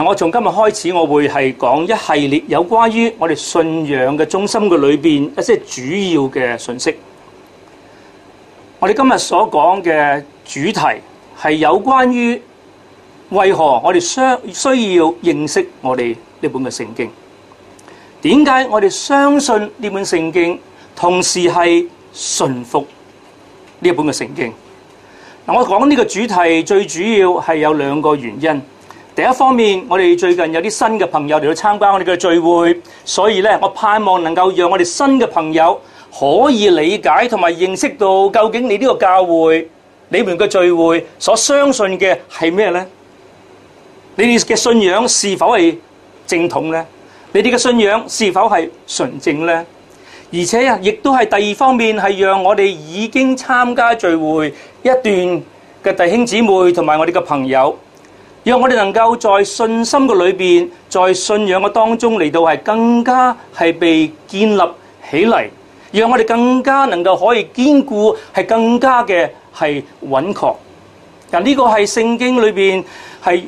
嗱，我從今日開始，我會係講一系列有關於我哋信仰嘅中心嘅裏邊一些主要嘅信息。我哋今日所講嘅主題係有關於為何我哋相需要認識我哋呢本嘅聖經？點解我哋相信呢本聖經，同時係信服呢本嘅聖經？嗱，我講呢個主題最主要係有兩個原因。第一方面，我哋最近有啲新嘅朋友嚟到參加我哋嘅聚會，所以咧，我盼望能夠讓我哋新嘅朋友可以理解同埋認識到究竟你呢個教會、你哋嘅聚會所相信嘅係咩咧？你哋嘅信仰是否係正統咧？你哋嘅信仰是否係純正咧？而且啊，亦都係第二方面係讓我哋已經參加聚會一段嘅弟兄姊妹同埋我哋嘅朋友。讓我哋能夠在信心嘅裏邊，在信仰嘅當中嚟到係更加係被建立起嚟，讓我哋更加能夠可以堅固，係更加嘅係穩確。但呢個係聖經裏邊係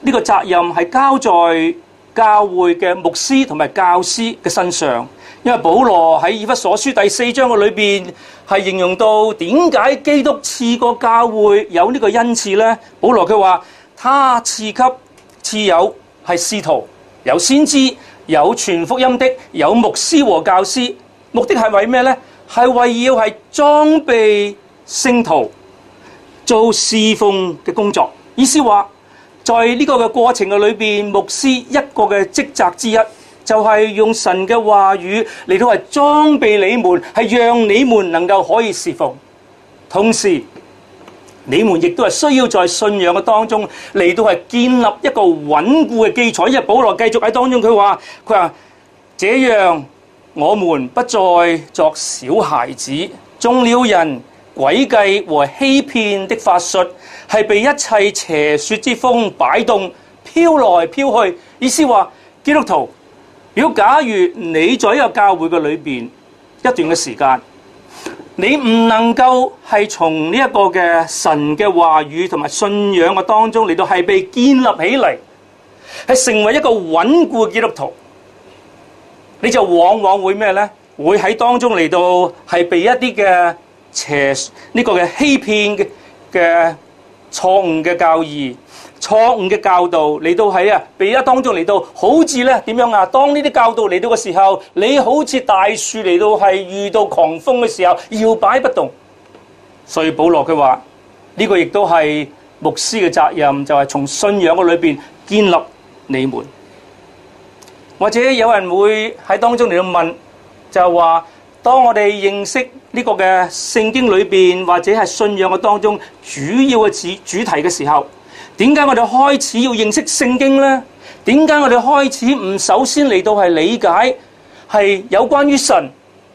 呢個責任係交在教會嘅牧師同埋教師嘅身上，因為保羅喺以弗所書第四章嘅裏邊係形容到點解基督賜個教會有呢個恩賜呢？保羅佢話。他賜給賜有係使徒，有先知，有傳福音的，有牧師和教師。目的係為咩呢？係為要係裝備聖徒做侍奉嘅工作。意思話，在呢個嘅過程嘅裏面，牧師一個嘅職責之一，就係、是、用神嘅話語嚟到係裝備你們，係讓你們能夠可以侍奉，同時。你們亦都係需要在信仰嘅當中嚟到係建立一個穩固嘅基礎，因為保羅繼續喺當中佢話：佢話這樣我們不再作小孩子，中了人詭計和欺騙的法術，係被一切邪説之風擺動，飄來飄去。意思話，基督徒，如果假如你在一個教會嘅裏面一段嘅時間。你唔能夠係從呢一個嘅神嘅話語同埋信仰嘅當中嚟到係被建立起嚟，係成為一個穩固嘅基督徒，你就往往會咩呢？會喺當中嚟到係被一啲嘅邪呢、這個嘅欺騙嘅錯誤嘅教義。錯誤嘅教導嚟到喺啊，被一當中嚟到，好似咧點樣啊？當呢啲教導嚟到嘅時候，你好似大樹嚟到係遇到狂風嘅時候，搖擺不動。所以保羅佢話呢、這個亦都係牧師嘅責任，就係、是、從信仰嘅裏面建立你們。或者有人會喺當中嚟到問，就係話當我哋認識呢個嘅聖經裏面或者係信仰嘅當中主要嘅主主題嘅時候。點解我哋開始要認識聖經呢？點解我哋開始唔首先嚟到係理解係有關於神，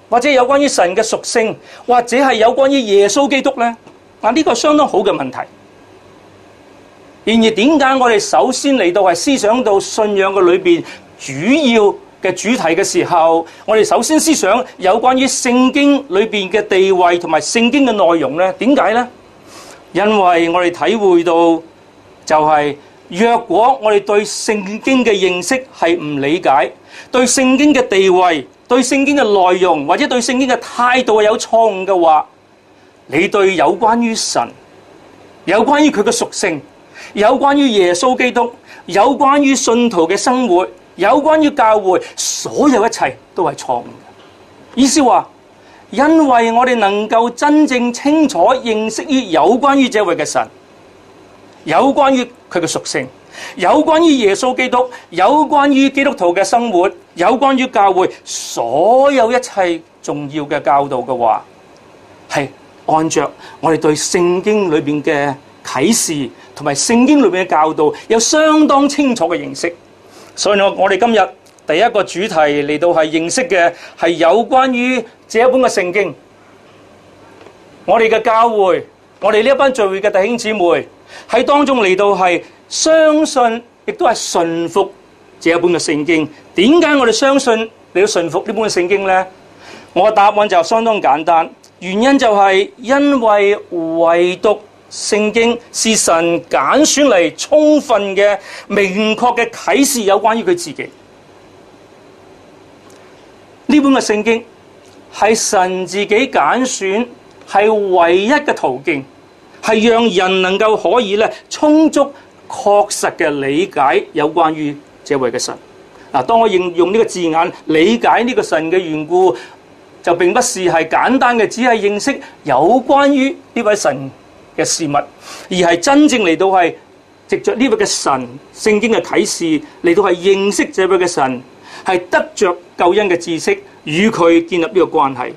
或者有關於神嘅屬性，或者係有關於耶穌基督呢？嗱，呢個相當好嘅問題。然而，點解我哋首先嚟到係思想到信仰嘅裏面主要嘅主題嘅時候，我哋首先思想有關於聖經裏面嘅地位同埋聖經嘅內容呢？點解呢？因為我哋體會到。就係、是、若果我哋對聖經嘅認識係唔理解，對聖經嘅地位、對聖經嘅內容或者對聖經嘅態度有錯誤嘅話，你對有關於神、有關於佢嘅屬性、有關於耶穌基督、有關於信徒嘅生活、有關於教會，所有一切都係錯誤嘅。意思話，因為我哋能夠真正清楚認識於有關於這位嘅神。有關於佢嘅屬性，有關於耶穌基督，有關於基督徒嘅生活，有關於教會，所有一切重要嘅教導嘅話，係按照我哋對聖經裏面嘅啟示，同埋聖經裏面嘅教導，有相當清楚嘅認識。所以我我哋今日第一個主題嚟到係認識嘅，係有關於這一本嘅聖經，我哋嘅教會，我哋呢一班聚會嘅弟兄姊妹。喺當中嚟到，係相信，亦都係順服呢本嘅聖經。點解我哋相信，你要順服呢本嘅聖經呢？我的答案就相當簡單，原因就係因為唯獨聖經是神揀選嚟充分嘅、明確嘅啟示，有關於佢自己。呢本嘅聖經係神自己揀選，係唯一嘅途徑。係讓人能夠可以咧充足確實嘅理解有關於這位嘅神。嗱、啊，當我應用呢個字眼理解呢個神嘅緣故，就並不是係簡單嘅，只係認識有關於呢位神嘅事物，而係真正嚟到係藉着呢位嘅神聖經嘅啟示嚟到係認識這位嘅神，係得着救恩嘅知識，與佢建立呢個關係。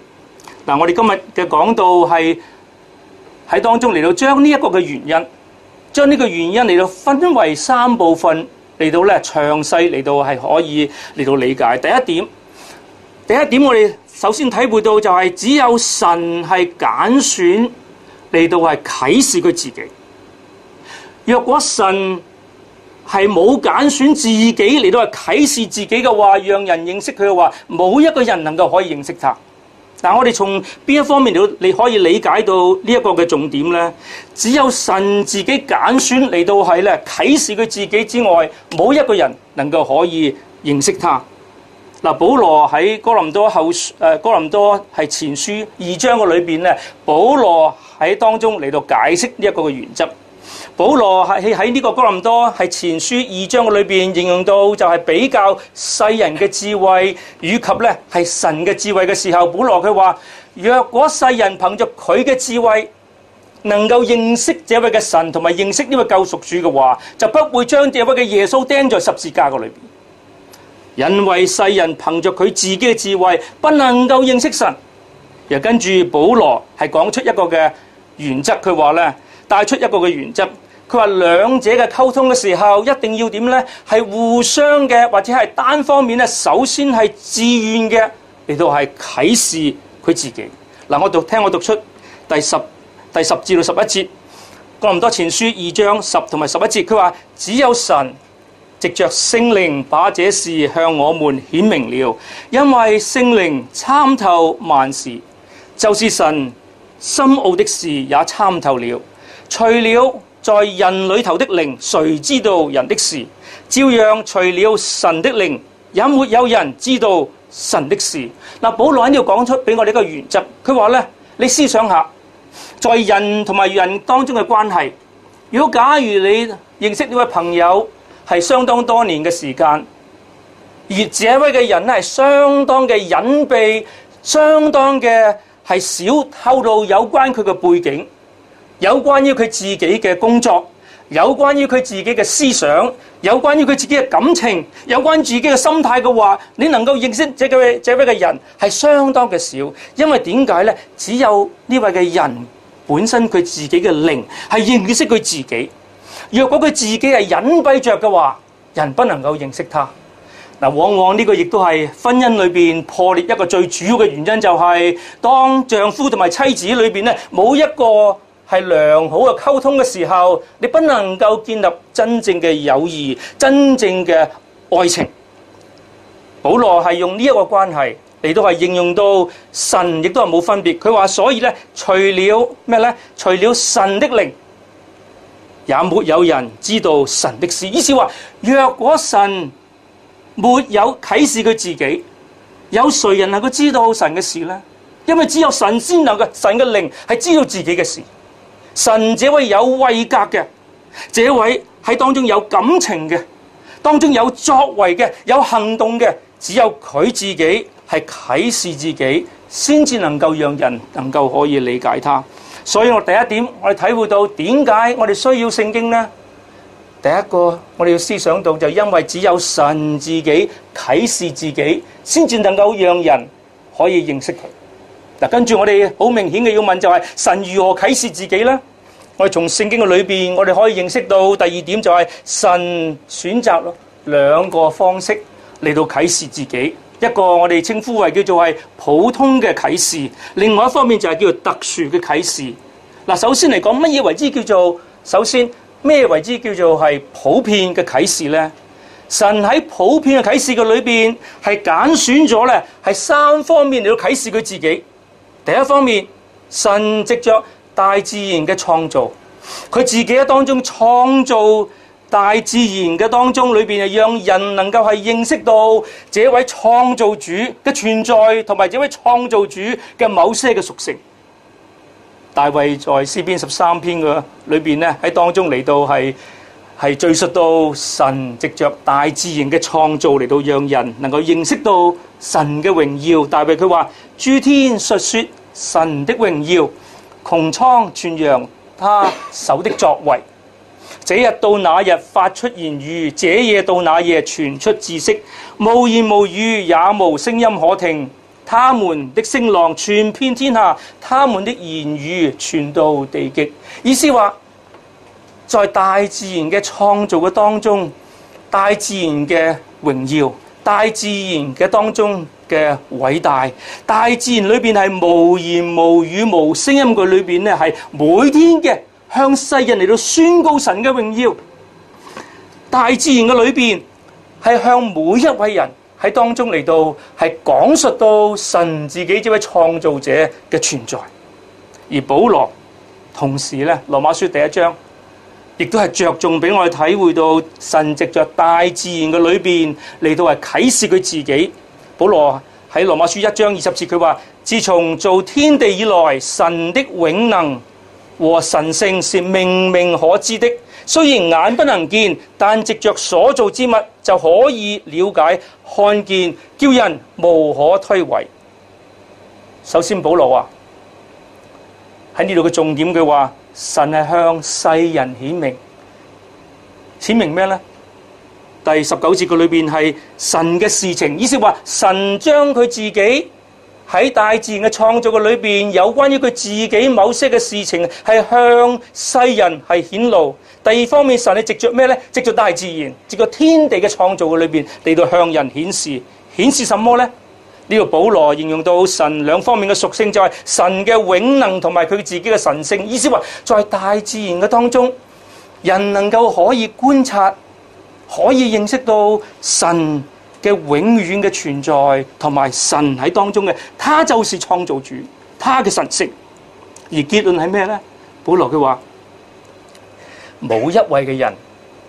嗱、啊，我哋今日嘅講道係。喺當中嚟到將呢一個嘅原因，將呢個原因嚟到分為三部分，嚟到咧詳細，嚟到係可以嚟到理解。第一點，第一點我哋首先體會到就係只有神係揀選嚟到係啟示佢自己。若果神係冇揀選自己嚟到係啟示自己嘅話，讓人認識佢嘅話，冇一個人能夠可以認識他。但我哋從邊一方面嚟你可以理解到呢一個嘅重點咧？只有神自己揀選嚟到係咧，啟示佢自己之外，冇一個人能夠可以認識他。嗱，保羅喺哥林多後誒哥林多係前書二章嘅裏邊咧，保羅喺當中嚟到解釋呢一個嘅原則。保羅係喺呢個哥林多係前書二章嘅裏邊形容到就係比較世人嘅智慧以及咧係神嘅智慧嘅時候，保羅佢話若果世人憑着佢嘅智慧能夠認識這位嘅神同埋認識呢位救贖主嘅話，就不會將這位嘅耶穌釘在十字架個裏邊。因為世人憑着佢自己嘅智慧不能夠認識神。又跟住保羅係講出一個嘅原則，佢話咧。帶出一個嘅原則，佢話兩者嘅溝通嘅時候一定要點呢？係互相嘅，或者係單方面呢？首先係自願嘅嚟到係啟示佢自己嗱、啊。我讀聽我讀出第十第十至到十一節，哥林多前書二章十同埋十一節，佢話只有神藉着聖靈把這事向我們顯明了，因為聖靈參透萬事，就是神深奧的事也參透了。除了在人裏頭的靈，誰知道人的事？照樣除了神的靈，也沒有人知道神的事。嗱，保羅一定要講出俾我哋一個原則，佢話咧，你思想下，在人同埋人當中嘅關係，如果假如你認識呢位朋友係相當多年嘅時間，而這位嘅人咧係相當嘅隱秘，相當嘅係少透露有關佢嘅背景。有關於佢自己嘅工作，有關於佢自己嘅思想，有關於佢自己嘅感情，有關於自己嘅心態嘅話，你能夠認識這位這位嘅人係相當嘅少，因為點解呢？只有呢位嘅人本身佢自己嘅靈係認識佢自己。若果佢自己係隱蔽着嘅話，人不能夠認識他。往往呢個亦都係婚姻裏面破裂一個最主要嘅原因，就係、是、當丈夫同埋妻子裏面咧冇一個係良好嘅溝通嘅時候，你不能夠建立真正嘅友誼、真正嘅愛情。保羅係用呢一個關係嚟到話應用到神，亦都係冇分別。佢話：所以咧，除了咩咧？除了神的靈，也沒有人知道神的事。意思話：若果神沒有啟示佢自己，有誰人能夠知道神嘅事呢？因為只有神先能夠，神嘅靈係知道自己嘅事。神這位有位格嘅，這位喺當中有感情嘅，當中有作為嘅，有行動嘅，只有佢自己係啟示自己，先至能夠讓人能夠可以理解他。所以我第一點，我哋體會到點解我哋需要聖經呢？第一個，我哋要思想到就因為只有神自己啟示自己，先至能夠讓人可以認識佢。跟住我哋好明顯嘅要問就係，神如何啟示自己咧？我哋從聖經嘅裏邊，我哋可以認識到第二點，就係神選擇咯兩個方式嚟到啟示自己。一個我哋稱呼為叫做係普通嘅啟示，另外一方面就係叫做特殊嘅啟示。嗱，首先嚟講乜嘢為之叫做，首先咩為之叫做係普遍嘅啟示咧？神喺普遍嘅啟示嘅裏邊係揀選咗咧係三方面嚟到啟示佢自己。第一方面，神藉着大自然嘅創造，佢自己喺當中創造大自然嘅當中裏邊，就讓人能夠係認識到這位創造主嘅存在，同埋這位創造主嘅某些嘅屬性。大衛在詩篇十三篇嘅裏邊咧，喺當中嚟到係。係敍述到神藉着大自然嘅創造嚟到讓人能夠認識到神嘅榮耀，大衛佢話：諸天述說神的榮耀，穹蒼傳揚他手的作為。這日到那日發出言語，這夜到那夜傳出知識。無言無語也無聲音可聽，他們的聲浪傳遍天下，他們的言語傳到地極。意思話。在大自然嘅創造嘅當中，大自然嘅榮耀，大自然嘅當中嘅偉大，大自然裏邊係無言無語無聲音嘅裏邊呢係每天嘅向世人嚟到宣告神嘅榮耀。大自然嘅裏邊係向每一位人喺當中嚟到係講述到神自己，這位創造者嘅存在。而保羅同時呢，《羅馬書》第一章。亦都係着重俾我哋體會到神藉著大自然嘅裏邊嚟到係啟示佢自己。保羅喺羅馬書一章二十節，佢話：自從造天地以來，神的永能和神性是明明可知的。雖然眼不能見，但藉著所造之物就可以了解看見，叫人無可推諉。首先，保羅啊，喺呢度嘅重點，佢話。神係向世人顯明，顯明咩呢？第十九節嘅裏面係神嘅事情，意思話神將佢自己喺大自然嘅創造嘅裏邊有關於佢自己某些嘅事情係向世人係顯露。第二方面，神係藉著咩呢？藉著大自然，藉個天地嘅創造嘅裏邊，嚟到向人顯示，顯示什麼呢？呢個保羅形容到神兩方面嘅屬性，就係神嘅永能同埋佢自己嘅神性。意思話，在大自然嘅當中，人能夠可以觀察，可以認識到神嘅永遠嘅存在，同埋神喺當中嘅，他就是創造主，他嘅神性。而結論係咩呢？保羅佢話冇一位嘅人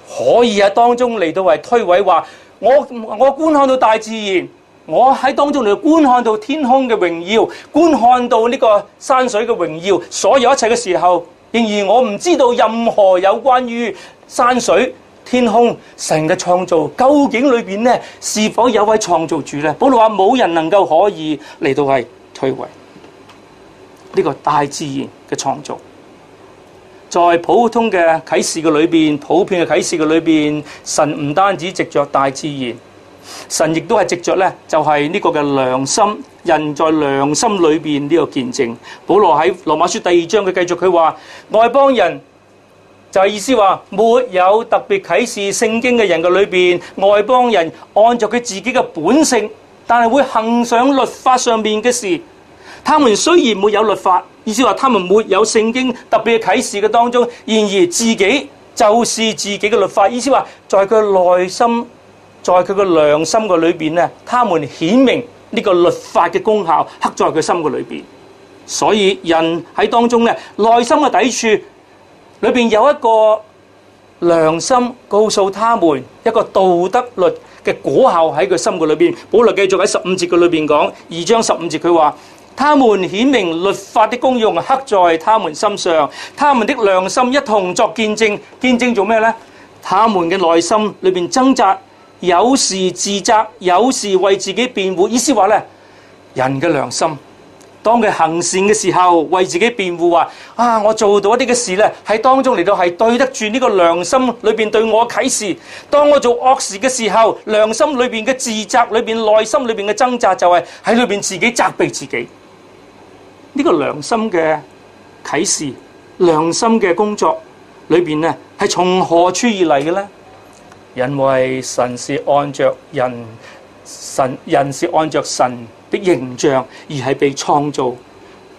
可以喺當中嚟到為推諉話，說我我觀看到大自然。我喺當中嚟觀看到天空嘅榮耀，觀看到呢個山水嘅榮耀，所有一切嘅時候，仍然我唔知道任何有關於山水、天空、神嘅創造，究竟裏面呢，是否有位創造主呢？保羅話冇人能夠可以嚟到係推諉呢個大自然嘅創造，在普通嘅啟示嘅裏面，普遍嘅啟示嘅裏面，神唔單止藉着大自然。神亦都係藉着咧，就係、是、呢個嘅良心，人在良心裏邊呢個見證。保羅喺羅馬書第二章佢，繼續佢話，外邦人就係、是、意思話，沒有特別啟示聖經嘅人嘅裏邊，外邦人按照佢自己嘅本性，但係會行上律法上面嘅事。他們雖然沒有律法，意思話他們沒有聖經特別啟示嘅當中，然而自己就是自己嘅律法，意思話在佢內心。在佢個良心個裏邊咧，他們顯明呢個律法嘅功效刻在佢心嘅裏邊，所以人喺當中咧，內心嘅抵觸裏邊有一個良心，告訴他們一個道德律嘅果效喺佢心嘅裏邊。保羅繼續喺十五節嘅裏邊講二章十五節，佢話他們顯明律法的功用刻在他們心上，他們的良心一同作見證，見證做咩咧？他們嘅內心裏邊掙扎。有時自責，有時為自己辯護，意思話呢，人嘅良心，當佢行善嘅時候，為自己辯護，話啊，我做到一啲嘅事呢，喺當中嚟到係對得住呢個良心裏面對我嘅啟示。當我做惡事嘅時候，良心裏面嘅自責，裏面內心裏面嘅掙扎，就係喺裏面自己責備自己。呢、這個良心嘅啟示，良心嘅工作裏面呢，係從何處而嚟嘅呢？因為神是按着人神，人是按著神的形象而係被創造。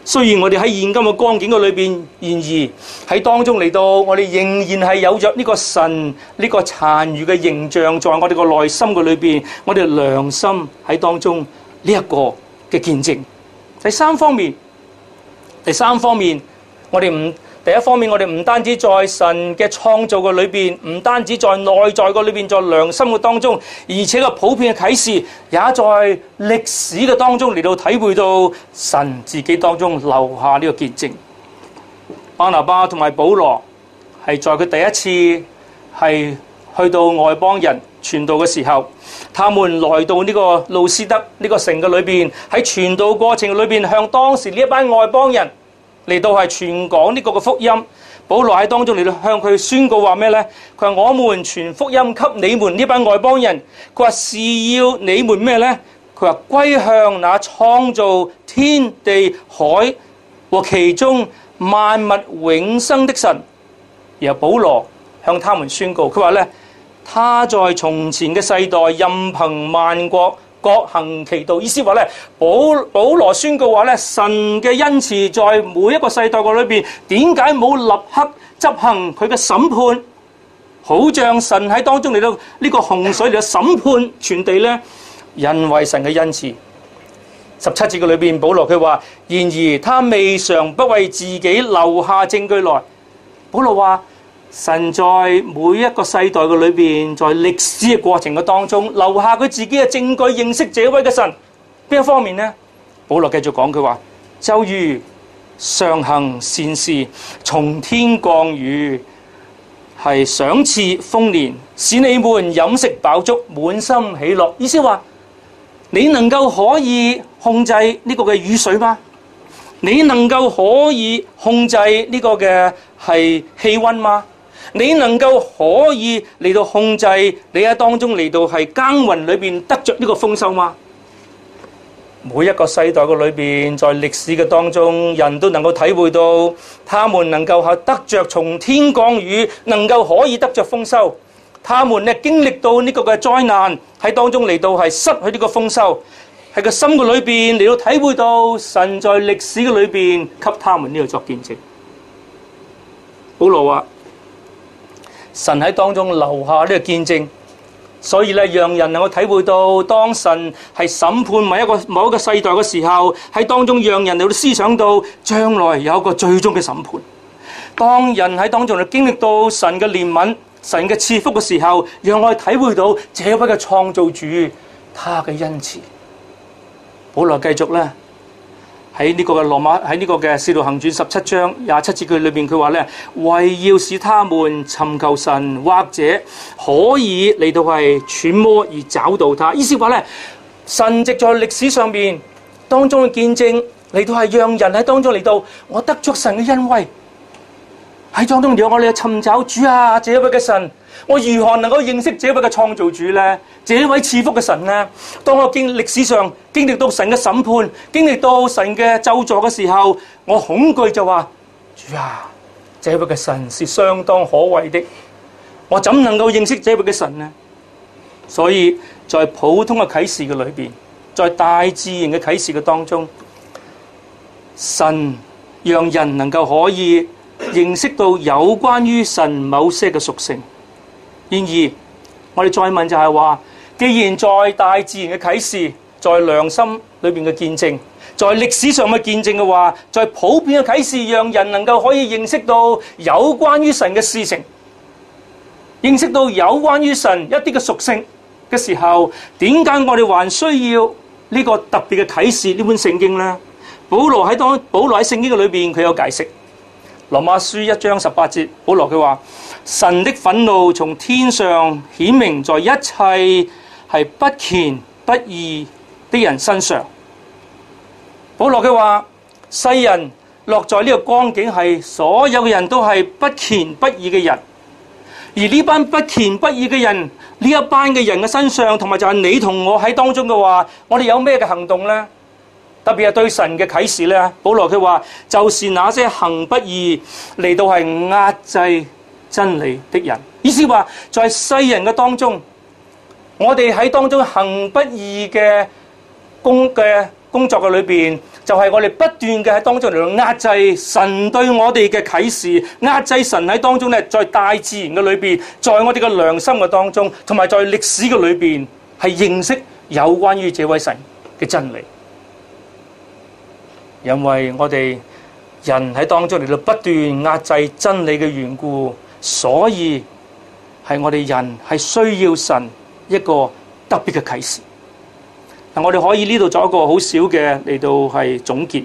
雖然我哋喺現今嘅光景嘅裏邊，然而喺當中嚟到，我哋仍然係有著呢個神呢個殘餘嘅形象在我哋個內心嘅裏邊，我哋良心喺當中呢一個嘅見證。第三方面，第三方面，我哋唔。第一方面，我哋唔單止在神嘅創造嘅裏邊，唔單止在內在個裏邊，在良心活當中，而且個普遍嘅啟示也在歷史嘅當中嚟到體會到神自己當中留下呢個見證。巴拿巴同埋保羅係在佢第一次係去到外邦人傳道嘅時候，他們來到呢個路斯德呢個城嘅裏邊，喺傳道過程裏邊向當時呢一班外邦人。嚟到係傳講呢個福音，保羅喺當中嚟到向佢宣告話咩呢？佢話我們傳福音給你們呢班外邦人，或是要你們咩呢？」佢話歸向那創造天地海和其中萬物永生的神。然後保羅向他們宣告，佢話咧，他在從前嘅世代任憑萬國。各行其道，意思話咧，保保羅宣告話咧，神嘅恩賜在每一個世代嘅裏邊，點解冇立刻執行佢嘅審判？好像神喺當中嚟到呢個洪水嚟到審判全地咧，因為神嘅恩賜。十七節嘅裏邊，保羅佢話，然而他未嘗不為自己留下證據來。保羅話。神在每一個世代嘅裏邊，在歷史嘅過程嘅當中留下佢自己嘅證據，認識這位嘅神邊一方面呢？保羅繼續講，佢話：「周瑜上行善事，從天降雨，係賞賜豐年，使你們飲食飽足，滿心喜樂。意思係話，你能夠可以控制呢個嘅雨水嗎？你能夠可以控制呢個嘅係氣溫嗎？你能夠可以嚟到控制你喺當中嚟到係耕耘裏邊得着呢個豐收嗎？每一個世代嘅裏邊，在歷史嘅當中，人都能夠體會到，他們能夠係得着從天降雨，能夠可以得着豐收。他們係經歷到呢個嘅災難喺當中嚟到係失去呢個豐收，喺個心嘅裏邊嚟到體會到神在歷史嘅裏邊給他們呢個作見證。保羅話。神喺當中留下呢個見證，所以咧讓人能夠體會到，當神係審判某一個某一個世代嘅時候，喺當中讓人嚟思想到將來有一個最終嘅審判。當人喺當中嚟經歷到神嘅憐憫、神嘅賜福嘅時候，讓我哋體會到這位嘅創造主，他嘅恩慈。保羅繼續呢。喺呢個嘅羅馬喺呢、這個嘅《使徒行傳》十七章廿七節句裏邊，佢話咧，為要使他們尋求神，或者可以嚟到係揣摩而找到他。意思話、就、咧、是，神藉在歷史上邊當中嘅見證，嚟到係讓人喺當中嚟到，我得著神嘅恩惠喺當中有我哋尋找主啊，這一位嘅神。我如何能夠認識這位嘅創造主呢？這位賜福嘅神呢？當我經歷史上經歷到神嘅審判，經歷到神嘅咒詛嘅時候，我恐懼就話：主啊，這位嘅神是相當可畏的。我怎能夠認識這位嘅神呢？所以在普通嘅啟示嘅裏邊，在大自然嘅啟示嘅當中，神讓人能夠可以認識到有關於神某些嘅屬性。然而，我哋再問就係話，既然在大自然嘅啟示，在良心裏邊嘅見證，在歷史上嘅見證嘅話，在普遍嘅啟示，讓人能夠可以認識到有關於神嘅事情，認識到有關於神一啲嘅屬性嘅時候，點解我哋還需要呢個特別嘅啟示呢本聖經咧？保羅喺當保羅喺聖經裏邊，佢有解釋。《羅馬書》一章十八節，保羅佢話：神的憤怒從天上顯明在一切係不虔不義的人身上。保羅佢話：世人落在呢個光景係，所有嘅人都係不虔不義嘅人。而呢班不虔不義嘅人，呢一班嘅人嘅身上，同埋就係你同我喺當中嘅話，我哋有咩嘅行動呢？特別係對神嘅啟示咧，保羅佢話：就是那些行不義嚟到係壓制真理的人，意思話，在世人嘅當中，我哋喺當中行不義嘅工作嘅裏面，就係、是、我哋不斷嘅喺當中嚟到壓制神對我哋嘅啟示，壓制神喺當中咧，在大自然嘅裏面，在我哋嘅良心嘅當中，同埋在歷史嘅裏面，係認識有關於這位神嘅真理。因為我哋人喺當中嚟到不斷壓制真理嘅緣故，所以係我哋人係需要神一個特別嘅啟示。嗱，我哋可以呢度做一個好小嘅嚟到係總結，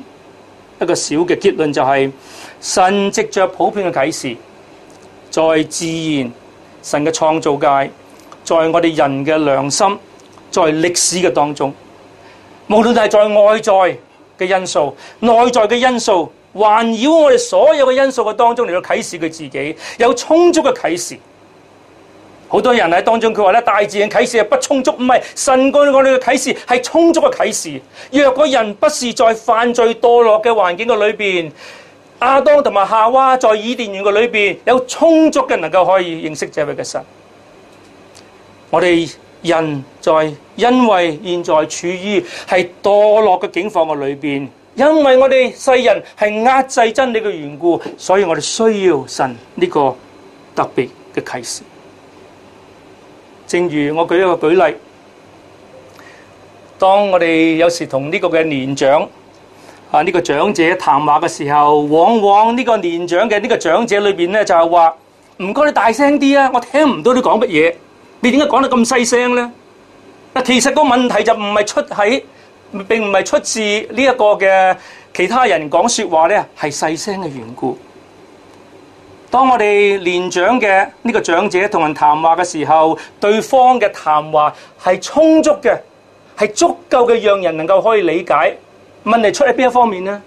一個小嘅結論就係神藉着普遍嘅啟示，在自然、神嘅創造界，在我哋人嘅良心，在歷史嘅當中，無論係在外在。嘅因素、內在嘅因素、環繞我哋所有嘅因素嘅當中嚟到啟示佢自己，有充足嘅啟示。好多人喺當中，佢話咧大自然啟示係不充足，唔係神幹我哋嘅啟示係充足嘅啟示。若個人不是在犯罪墮落嘅環境嘅裏邊，亞當同埋夏娃在伊甸園嘅裏邊有充足嘅能夠可以認識這位嘅神。我哋。人在因為現在處於係墮落嘅境況嘅裏邊，因為我哋世人係壓制真理嘅緣故，所以我哋需要神呢個特別嘅啟示。正如我舉一個舉例，當我哋有時同呢個嘅年長啊呢個長者談話嘅時候，往往呢個年長嘅呢個長者裏邊咧就係話：唔該，你大聲啲啊，我聽唔到你講乜嘢。你點解講得咁細聲咧？嗱，其實個問題就唔係出喺並唔係出自呢一個嘅其他人講説話咧，係細聲嘅緣故。當我哋年長嘅呢個長者同人談話嘅時候，對方嘅談話係充足嘅，係足夠嘅，讓人能夠可以理解。問題出喺邊一方面呢？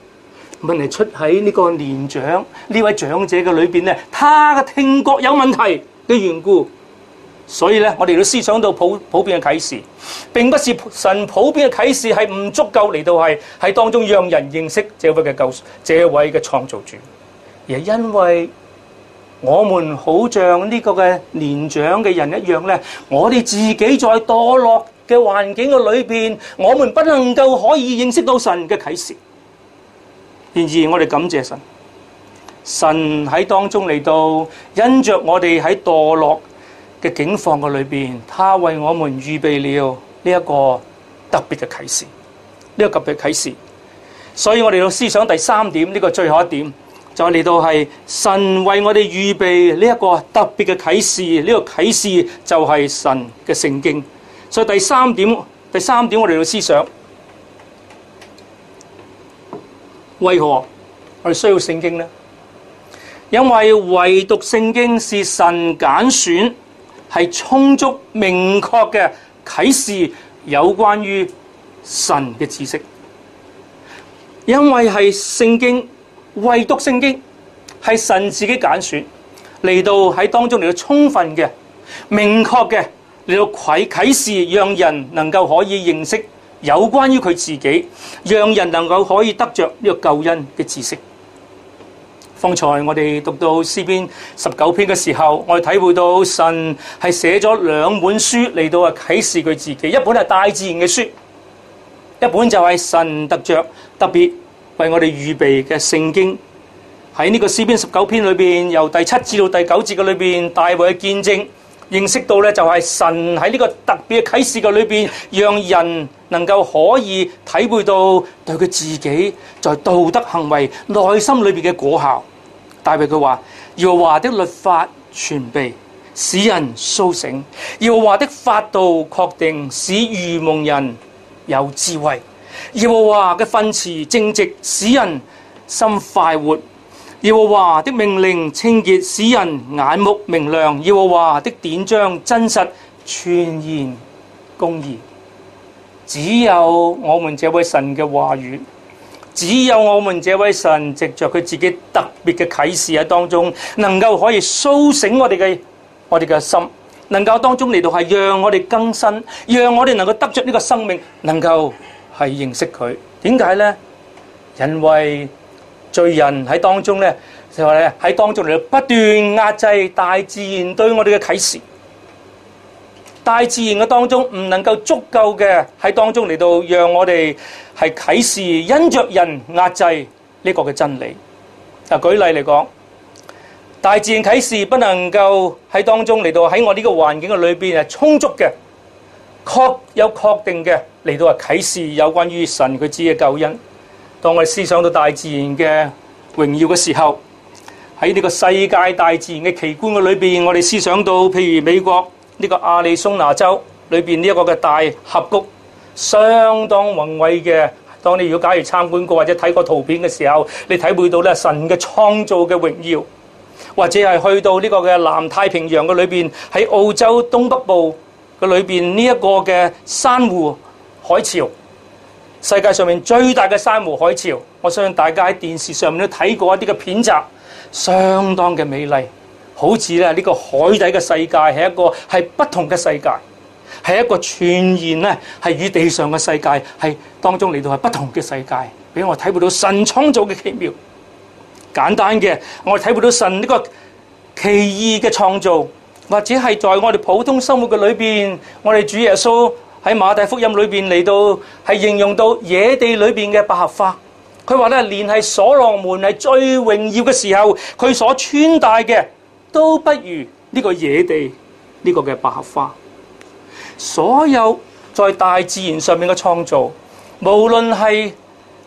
問題出喺呢個年長呢位長者嘅裏面咧，他嘅聽覺有問題嘅緣故。所以呢，我哋都思想到普普遍嘅啟示，並不是神普遍嘅啟示係唔足夠嚟到係喺當中讓人認識這位嘅救這位嘅創造主，而因為我們好像呢個嘅年長嘅人一樣呢，我哋自己在墮落嘅環境嘅裏邊，我們不能夠可以認識到神嘅啟示。然而我哋感謝神，神喺當中嚟到因著我哋喺墮落。嘅境況嘅裏面，他為我們預備了呢一個特別嘅啟示，呢、這個特別的啟示。所以我哋要思想第三點，呢、這個最後一點就嚟到係神為我哋預備呢一個特別嘅啟示。呢、這個啟示就係神嘅聖經。所以第三點，第三點我哋要思想，為何我哋需要聖經呢？因為唯獨聖經是神揀選。係充足明確嘅啟示，有關於神嘅知識。因為係聖經，唯獨聖經係神自己揀選嚟到喺當中嚟到充分嘅、明確嘅嚟到啟、啟示，讓人能夠可以認識有關於佢自己，讓人能夠可以得着呢個救恩嘅知識。剛才我哋讀到詩篇十九篇嘅時候，我哋體會到神係寫咗兩本書嚟到啊啟示佢自己，一本係大自然嘅書，一本就係神特著特別為我哋預備嘅聖經。喺呢個詩篇十九篇裏面，由第七至到第九節嘅裏面，大衛嘅見證認識到呢，就係神喺呢個特別嘅啟示嘅裏面，讓人能夠可以體會到對佢自己在道德行為內心裏面嘅果效。大衛佢話：耶和華的律法全備，使人甦醒；耶和華的法度確定，使愚蒙人有智慧；耶和華嘅訓詞正直，使人心快活；耶和華的命令清潔，使人眼目明亮；耶和華的典章真實，全然公義。只有我們這位神嘅話語。只有我們這位神藉著佢自己特別嘅啟示喺當中，能夠可以甦醒我哋嘅我哋嘅心，能夠當中嚟到係讓我哋更新，讓我哋能夠得著呢個生命，能夠係認識佢。點解咧？因為罪人喺當中咧，就係咧喺當中嚟到不斷壓制大自然對我哋嘅啟示。大自然嘅當中唔能夠足夠嘅喺當中嚟到讓我哋係啟示因着人壓制呢個嘅真理。啊，舉例嚟講，大自然啟示不能夠喺當中嚟到喺我呢個環境嘅裏邊係充足嘅確有確定嘅嚟到啊啟示有關於神佢知識嘅救恩。當我哋思想到大自然嘅榮耀嘅時候，喺呢個世界大自然嘅奇觀嘅裏邊，我哋思想到譬如美國。呢個亞利桑那州裏邊呢一個嘅大峽谷，相當宏偉嘅。當你如果假如參觀過或者睇過圖片嘅時候，你體會到咧神嘅創造嘅榮耀，或者係去到呢個嘅南太平洋嘅裏邊，喺澳洲東北部嘅裏邊呢一個嘅珊瑚海潮，世界上面最大嘅珊瑚海潮，我相信大家喺電視上面都睇過一啲嘅片集，相當嘅美麗。好似咧，呢個海底嘅世界係一個係不同嘅世界，係一個傳言咧，係與地上嘅世界係當中嚟到係不同嘅世界，俾我體會到神創造嘅奇妙。簡單嘅，我哋體會到神呢個奇異嘅創造，或者係在我哋普通生活嘅裏邊，我哋主耶穌喺馬太福音裏面嚟到係形容到野地裏面嘅百合花。佢話咧，連係所羅門係最榮耀嘅時候，佢所穿戴嘅，都不如呢個野地呢、呢個嘅百合花。所有在大自然上面嘅創造，無論係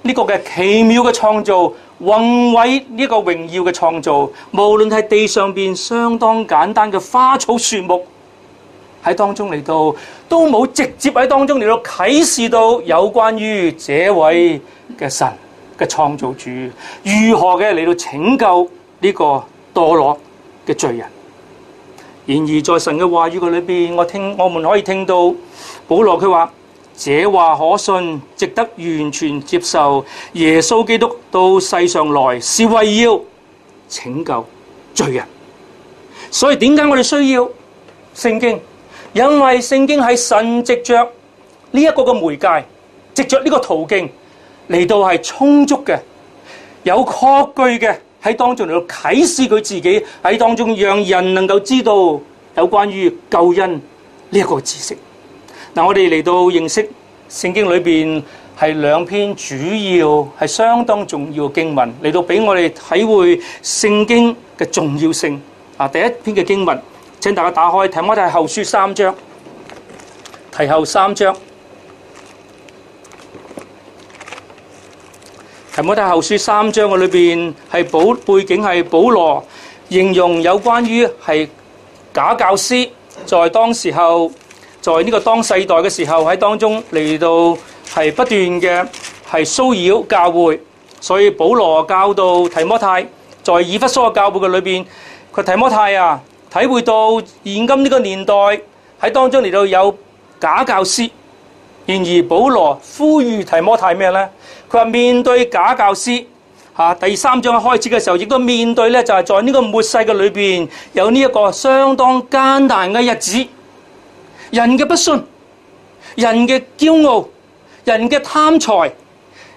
呢個嘅奇妙嘅創造、宏偉呢個榮耀嘅創造，無論係地上邊相當簡單嘅花草樹木喺當中嚟到，都冇直接喺當中嚟到啟示到有關於這位嘅神嘅創造主如何嘅嚟到拯救呢個墮落。嘅罪人，然而在神嘅話語嘅裏邊，我聽我們可以聽到保羅佢話：這話可信，值得完全接受。耶穌基督到世上來，是為要拯救罪人。所以點解我哋需要聖經？因為聖經係神藉着呢一個嘅媒介，藉着呢個途徑嚟到係充足嘅，有確據嘅。喺當中嚟到啟示佢自己，喺當中讓人能夠知道有關於救恩呢一個知識。嗱，我哋嚟到認識聖經裏邊係兩篇主要係相當重要嘅經文，嚟到俾我哋體會聖經嘅重要性。啊，第一篇嘅經文，請大家打開睇，我哋係後書三章，提後三章。提摩太後書三章嘅裏邊，係保背景係保羅形容有關於係假教師，在當時候，在呢個當世代嘅時候喺當中嚟到係不斷嘅係騷擾教會，所以保羅教導提摩太，在以弗所教會嘅裏邊，佢提摩太啊，體會到現今呢個年代喺當中嚟到有假教師。然而保羅呼籲提摩太咩咧？佢話面對假教師，吓、啊、第三章開始嘅時候，亦都面對咧就係、是、在呢個末世嘅裏邊有呢一個相當艱難嘅日子。人嘅不信，人嘅驕傲，人嘅貪財，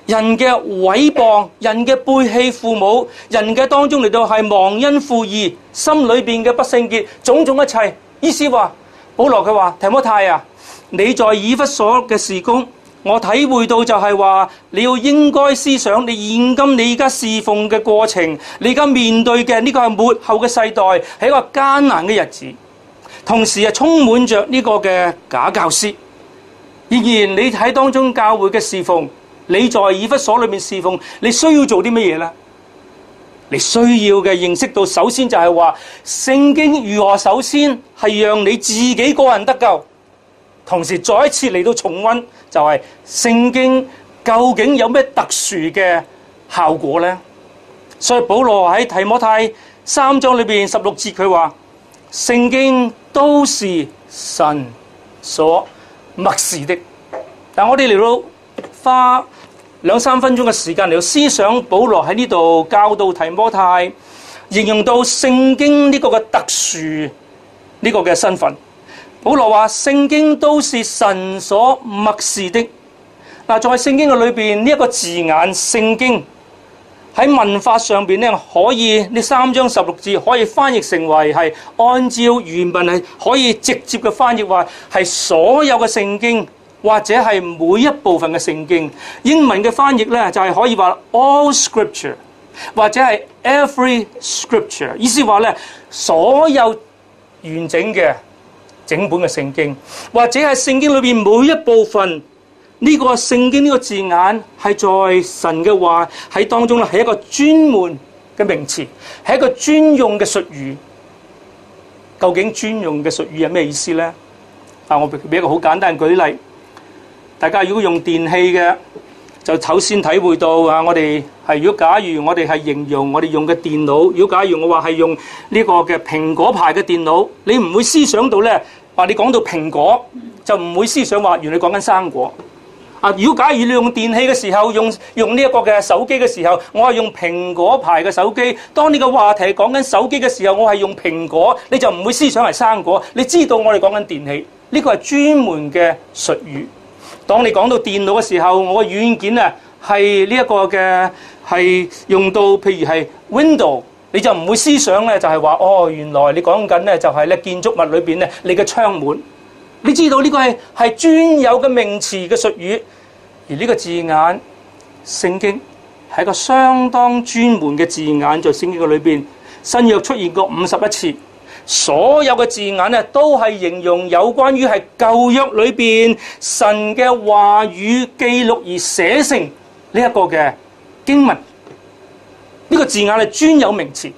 人嘅毀謗，人嘅背棄父母，人嘅當中嚟到係忘恩負義，心裏邊嘅不聖潔，種種一切。意思話保羅佢話提摩太啊。你在以弗所嘅事工，我體會到就係話，你要應該思想你現今你而家侍奉嘅過程，你而家面對嘅呢、這個係末後嘅世代，係一個艱難嘅日子，同時啊充滿着呢個嘅假教師。仍然你喺當中教會嘅侍奉，你在以弗所裏面侍奉，你需要做啲乜嘢啦？你需要嘅認識到，首先就係話聖經如何，首先係讓你自己個人得救。同時再一次嚟到重溫，就係、是、聖經究竟有咩特殊嘅效果咧？所以保羅喺提摩太三章裏邊十六節，佢話聖經都是神所默示的。但我哋嚟到花兩三分鐘嘅時間嚟到思想保羅喺呢度教導提摩太，形容到聖經呢個嘅特殊呢個嘅身份。保羅話：聖經都是神所默示的。嗱，在聖經嘅裏邊呢一個字眼，聖經，喺文法上邊咧，可以呢三章十六字可以翻譯成為係按照原文係可以直接嘅翻譯話係所有嘅聖經或者係每一部分嘅聖經，英文嘅翻譯咧，就係可以話 all scripture 或者係 every scripture，意思話咧所有完整嘅。整本嘅聖經，或者係聖經裏邊每一部分，呢、這個聖經呢個字眼係在神嘅話喺當中啦，係一個專門嘅名詞，係一個專用嘅術語。究竟專用嘅術語係咩意思咧？啊，我俾一個好簡單嘅舉例，大家如果用電器嘅。就首先體會到啊！我哋係如果假如我哋係形容我哋用嘅電腦，如果假如我話係用呢個嘅蘋果牌嘅電腦，你唔會思想到呢？話、啊、你講到蘋果就唔會思想話原來你講緊生果。啊！如果假如你用電器嘅時候用用呢一個嘅手機嘅時候，我係用蘋果牌嘅手機。當呢個話題係講緊手機嘅時候，我係用蘋果，你就唔會思想係生果。你知道我哋講緊電器，呢、這個係專門嘅術語。當你講到電腦嘅時候，我嘅軟件咧係呢一個嘅係用到，譬如係 Window，你就唔會思想咧，就係話哦，原來你講緊咧就係咧建築物裏邊咧你嘅窗門，你知道呢個係係專有嘅名詞嘅術語，而呢個字眼聖經係一個相當專門嘅字眼，在聖經嘅裏邊新約出現過五十一次。所有嘅字眼咧，都係形容有關於係舊約裏邊神嘅話語記錄而寫成呢一個嘅經文。呢個字眼係專有名詞，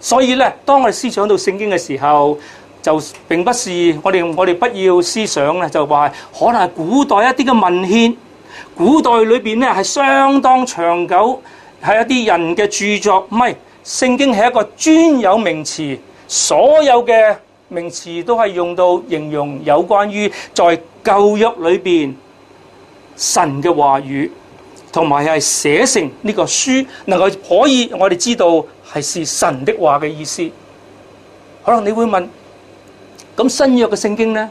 所以咧，當我哋思想到聖經嘅時候，就並不是我哋我哋不要思想咧，就話可能係古代一啲嘅文獻，古代裏邊咧係相當長久，係一啲人嘅著作。唔係，聖經係一個專有名詞。所有嘅名詞都係用到形容有關於在舊約裏邊神嘅話語，同埋係寫成呢個書，能夠可以我哋知道係是神的話嘅意思。可能你會問，咁新約嘅聖經呢？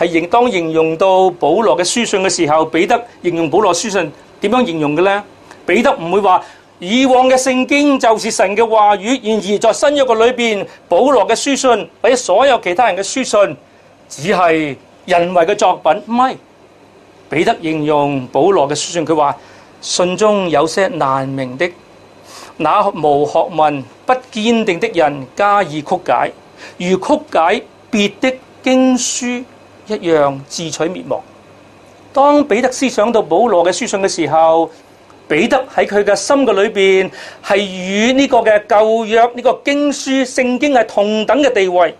係應當形容到保羅嘅書信嘅時候，彼得形容保羅書信點樣形容嘅呢？彼得唔會話以往嘅聖經就是神嘅話語，然而在新約嗰裏邊，保羅嘅書信或者所有其他人嘅書信只係人為嘅作品。唔係彼得形容保羅嘅書信，佢話信中有些難明的，那無學問、不堅定的人加以曲解，如曲解別的經書。一樣自取滅亡。當彼得思想到保羅嘅書信嘅時候，彼得喺佢嘅心嘅裏邊係與呢個嘅舊約呢個經書聖經係同等嘅地位。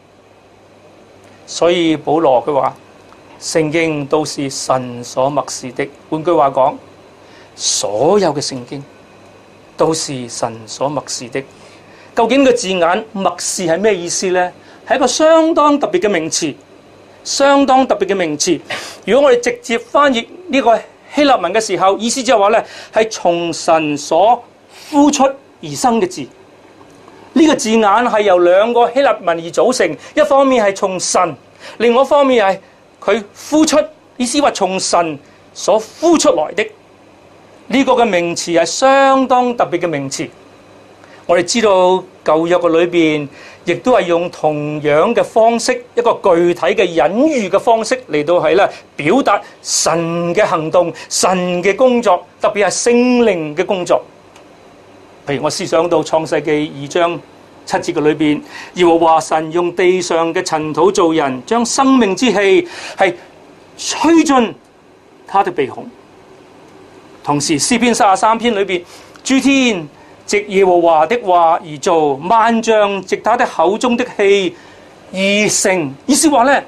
所以保羅佢話：聖經都是神所默示的。換句話講，所有嘅聖經都是神所默示的。究竟個字眼默示係咩意思咧？係一個相當特別嘅名詞。相當特別嘅名詞，如果我哋直接翻譯呢個希臘文嘅時候，意思就係話呢係從神所呼出而生嘅字。呢個字眼係由兩個希臘文而組成，一方面係從神，另外一方面係佢呼出，意思話從神所呼出來的。呢個嘅名詞係相當特別嘅名詞，我哋知道。舊約嘅裏邊，亦都係用同樣嘅方式，一個具體嘅隱喻嘅方式嚟到係咧表達神嘅行動、神嘅工作，特別係聖靈嘅工作。譬如我思想到創世記二章七節嘅裏邊，耶和華神用地上嘅塵土造人，將生命之氣係吹進他的鼻孔。同時詩篇三十三篇裏面，諸天，藉耶和華的話而做，萬象藉他的口中的氣而成。意思話呢，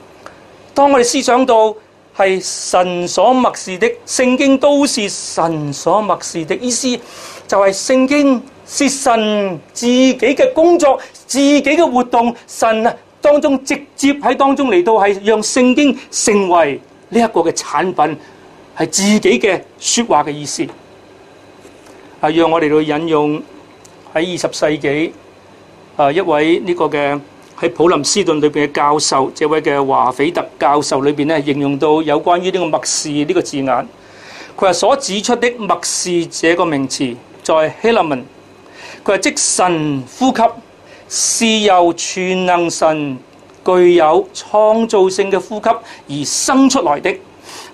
當我哋思想到係神所默示的，聖經都是神所默示的意思，就係聖經是神自己嘅工作，自己嘅活動，神啊當中直接喺當中嚟到係讓聖經成為呢一個嘅產品，係自己嘅說話嘅意思，係讓我哋去引用。喺二十世紀，一位呢個嘅喺普林斯頓裏邊嘅教授，這位嘅華斐特教授裏邊咧，應用到有關於呢個默示呢個字眼。佢話所指出嘅「默示」這個名詞，在希臘文，佢話即神呼吸是由全能神具有創造性嘅呼吸而生出來的，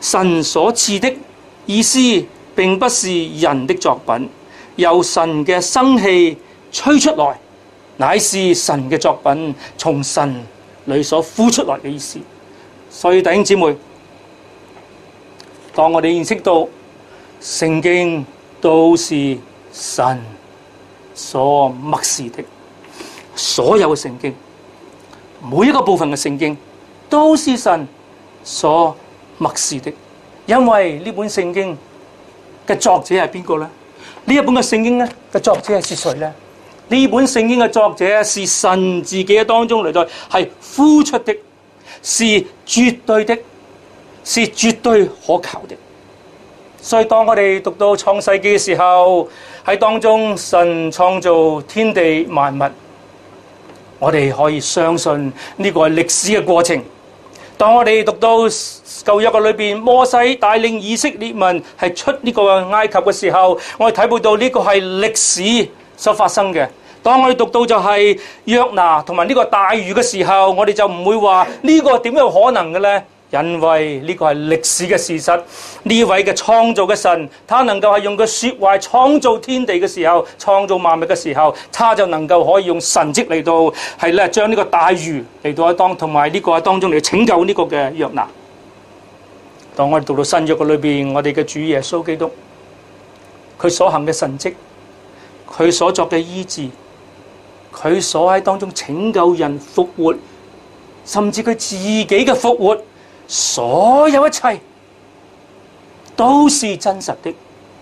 神所賜的意思並不是人的作品。由神嘅生氣吹出來，乃是神嘅作品，從神裏所呼出來嘅意思。所以弟兄姊妹，當我哋認識到聖經都是神所默示的，所有嘅聖經，每一個部分嘅聖經都是神所默示的，因為呢本聖經嘅作者係邊個咧？這聖呢一本嘅聖經咧，嘅作者是誰咧？呢本聖經嘅作者是神自己當中嚟做，係呼出的，是絕對的，是絕對可靠的。所以當我哋讀到創世記嘅時候，喺當中神創造天地萬物，我哋可以相信呢個係歷史嘅過程。當我哋讀到舊約嘅裏面，摩西帶領以色列民係出呢個埃及嘅時候，我哋體會到呢個係歷史所發生嘅。當我哋讀到就係約拿同埋呢個大魚嘅時候，我哋就唔會話呢個點有可能嘅呢。因為呢、這個係歷史嘅事實，呢位嘅創造嘅神，能夠，他能夠係用佢説話創造天地嘅時候，創造萬物嘅時候，他就能夠可以用神蹟嚟到係將呢將個大魚嚟到喺同埋呢個喺當中嚟拯救呢個嘅約拿。當我哋讀到新約嘅裏邊，我哋嘅主耶穌基督，佢所行嘅神蹟，佢所作嘅醫治，佢所喺當中拯救人復活，甚至佢自己嘅復活。所有一切都是真實的，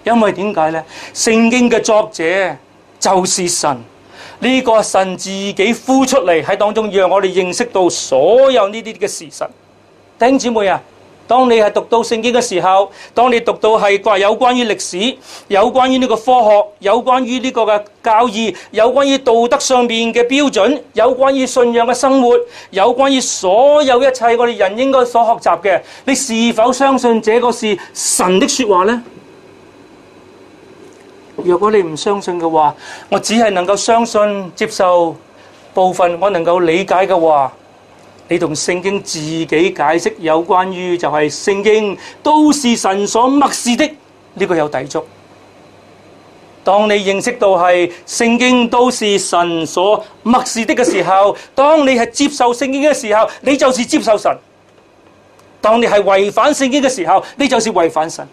因為點解咧？聖經嘅作者就是神，呢、這個神自己呼出嚟喺當中，讓我哋認識到所有呢啲嘅事實。弟兄姐妹啊！當你係讀到聖經嘅時候，當你讀到係話有關於歷史、有關於呢個科學、有關於呢個嘅教義、有關於道德上面嘅標準、有關於信仰嘅生活、有關於所有一切我哋人應該所學習嘅，你是否相信這個是神的說話呢？如果你唔相信嘅話，我只係能夠相信接受部分我能夠理解嘅話。你同聖經自己解釋有關於就係聖經都是神所默示的呢，這個有抵觸。當你認識到係聖經都是神所默示的嘅時候，當你係接受聖經嘅時候，你就是接受神；當你係違反聖經嘅時候，你就是違反神；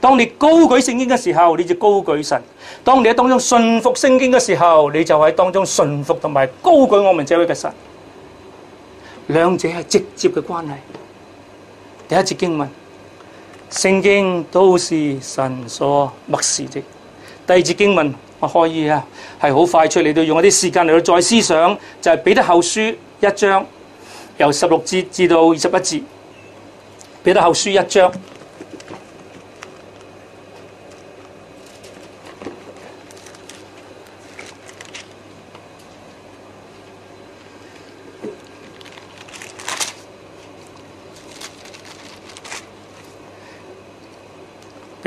當你高舉聖經嘅時候，你就高舉神；當你喺當中信服聖經嘅時候，你就喺當中信服同埋高舉我們這位嘅神。兩者係直接嘅關係。第一節經文，聖經都是神所默示的。第二節經文，我可以啊，係好快出嚟到用一啲時間嚟到再思想，就係、是、彼得後書一章，由十六節至到二十一節，彼得後書一章。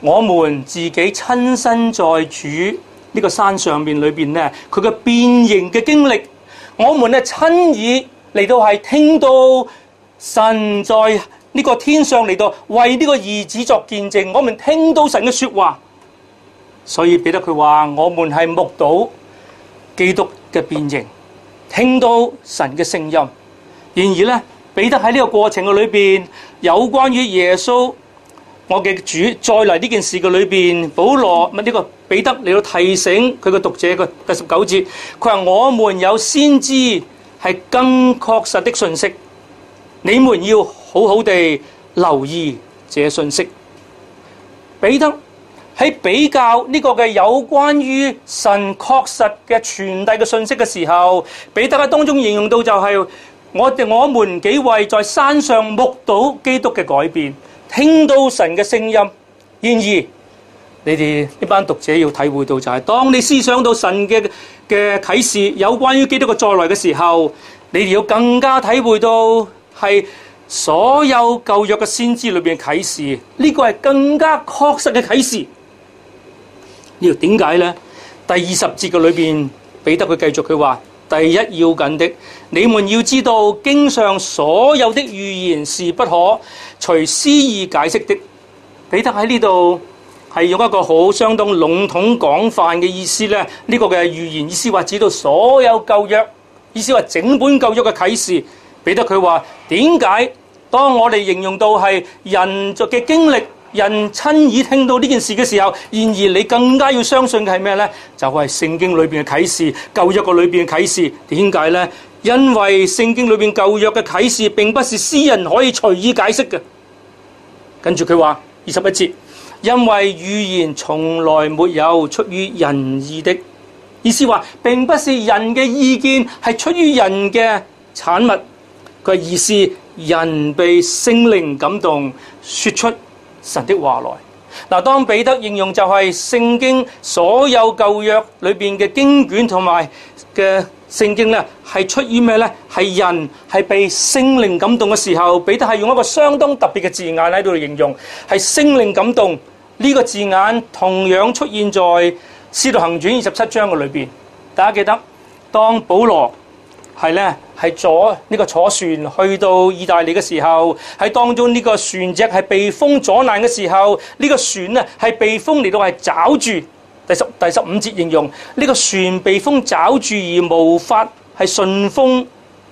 我們自己親身在主呢個山上邊裏邊呢，佢嘅變形嘅經歷，我們呢親耳嚟到係聽到神在呢個天上嚟到為呢個兒子作見證，我們聽到神嘅說話，所以彼得佢話，我們係目睹基督嘅變形，聽到神嘅聲音。然而呢，彼得喺呢個過程嘅裏邊，有關於耶穌。我嘅主再嚟呢件事嘅裏邊，保羅唔係呢個彼得，嚟到提醒佢嘅讀者嘅第十九節，佢話我們有先知係更確實的信息，你們要好好地留意這信息。彼得喺比較呢個嘅有關於神確實嘅傳遞嘅信息嘅時候，彼得喺當中形容到就係我哋我們幾位在山上目睹基督嘅改變。聽到神嘅聲音，然而你哋呢班讀者要體會到就係，當你思想到神嘅嘅啟示，有關於基督嘅再來嘅時候，你哋要更加體會到係所有舊約嘅先知裏邊嘅啟示，呢個係更加確實嘅啟示。要點解咧？第二十節嘅裏邊，彼得佢繼續佢話：第一要緊的，你們要知道經上所有的預言是不可隨私意解釋的彼得喺呢度係用一個好相當籠統廣泛嘅意思咧，呢、這個嘅預言意思話指到所有舊約意思話整本舊約嘅啟示，彼得佢話點解當我哋形容到係人嘅經歷，人親耳聽到呢件事嘅時候，然而你更加要相信嘅係咩呢？就係、是、聖經裏邊嘅啟示，舊約個裏邊嘅啟示，點解呢？」因為聖經裏面舊約嘅啟示，並不是私人可以隨意解釋嘅。跟住佢話二十一節，因為語言從來沒有出於人意的意思，話並不是人嘅意見係出於人嘅產物，佢意思人被聖靈感動，說出神的話來。嗱，當彼得應用就係聖經所有舊約裏面嘅經卷同埋嘅。聖經呢係出於咩呢？係人係被聖靈感動嘅時候，彼得係用一個相當特別嘅字眼喺度形容，係聖靈感動。呢、這個字眼同樣出現在《使徒行傳》二十七章嘅裏面。大家記得，當保羅係呢，係坐呢個坐船去到意大利嘅時候，係當中呢個船隻係被風阻攔嘅時候，呢、這個船呢係被風嚟到係抓住。第十、第十五節形容呢、這個船被風罩住而無法係順風